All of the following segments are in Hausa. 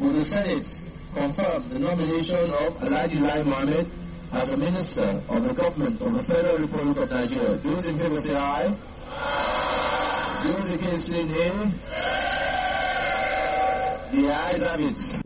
will the Senate confirm the nomination of Alhaji Lai as a minister of the government of the Federal Republic of Nigeria. Those in favor say aye. Those against say nay.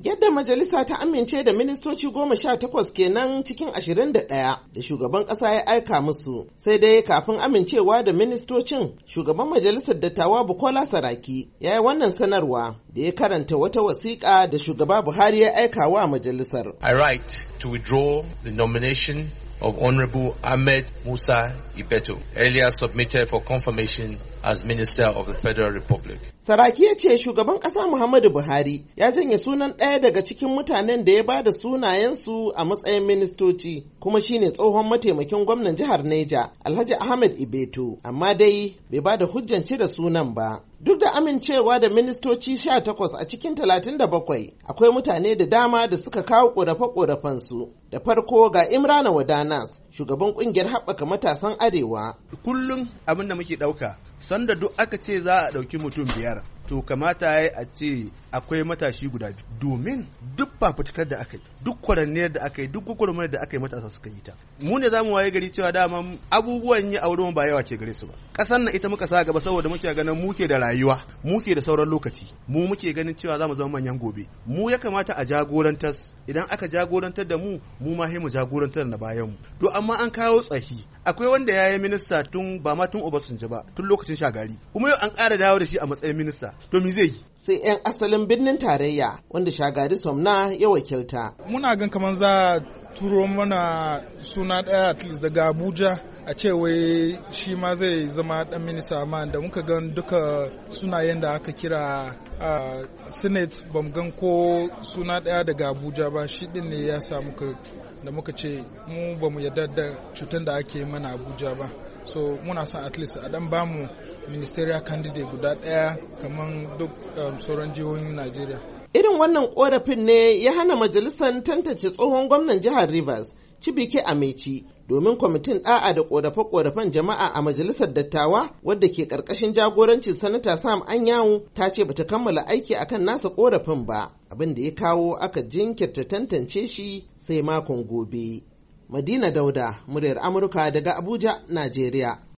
Yadda majalisa ta amince da ministoci goma sha takwas kenan cikin ashirin da ɗaya da shugaban ƙasa ya aika musu sai dai kafin amincewa da ministocin shugaban majalisar dattawa Bukola Saraki ya yi wannan sanarwa da ya karanta wata wasiƙa da shugaba Buhari ya aika wa majalisar. I write to withdraw the nomination of Honorable Ahmed Musa Ibeto earlier submitted for confirmation as Minister of the Federal Republic. Saraki ya ce shugaban ƙasa Muhammadu Buhari ya janye sunan ɗaya daga cikin mutanen da ya ba da sunayensu a matsayin ministoci kuma shine tsohon mataimakin gwamnan jihar Neja Alhaji Ahmed Ibeto amma dai bai ba da hujjan cire sunan ba. Duk da amincewa da ministoci sha takwas a cikin talatin da bakwai, akwai mutane da dama da suka kawo ƙorafe-ƙorafensu. Da farko ga Imrana Wadanas, shugaban ƙungiyar haɓaka matasan Arewa. Kullum abin da muke ɗauka sanda duk aka ce za a ɗauki mutum biyar to kamata ya a ce akwai matashi guda biyu domin duk fafutukar da aka yi duk kwaranniyar da aka yi duk gwagwarmayar da aka yi matasa suka yi ta mu ne zamu waye gari cewa dama abubuwan yi a wurin ba yawa ke gare su ba kasan na ita muka sa gaba saboda muke ganin muke da rayuwa muke da sauran lokaci mu muke ganin cewa zamu zama manyan gobe mu ya kamata a jagorantar idan aka jagorantar da mu mu ma mu jagorantar na bayan mu to amma an kawo tsahi akwai wanda ya yi minista tun ba ma tun Obasanjo ba tun lokacin shagari kuma yau an ƙara dawo da shi a matsayin minista to me zai yi sai 'yan asalin birnin tarayya wanda shagari somna ya wakilta muna gan kamar za turo mana suna ɗaya at least daga abuja a ce wai shi ma zai zama dan minista amma da muka gan duka sunayen da aka kira a senate bamu gan ko suna ɗaya daga abuja ba shi ɗin ne ya samu da muka ce mu ba mu yarda da cutar da ake mana abuja ba so muna son at least a dan bamu ministerial candidate guda daya kamar duk um, sauran jihohin najeriya irin wannan korafin ne ya hana majalisar tantance tsohon gwamnan jihar rivers Cibike Ameci domin kwamitin ɗa'a da ƙorafe-ƙorafen jama'a a majalisar dattawa wadda ke ƙarƙashin jagorancin sanata sam anyawu ta ce bata kammala aiki akan nasa ƙorafin ba abin da ya kawo aka jinkirta tantance shi sai makon gobe madina dauda muryar amurka daga abuja najeriya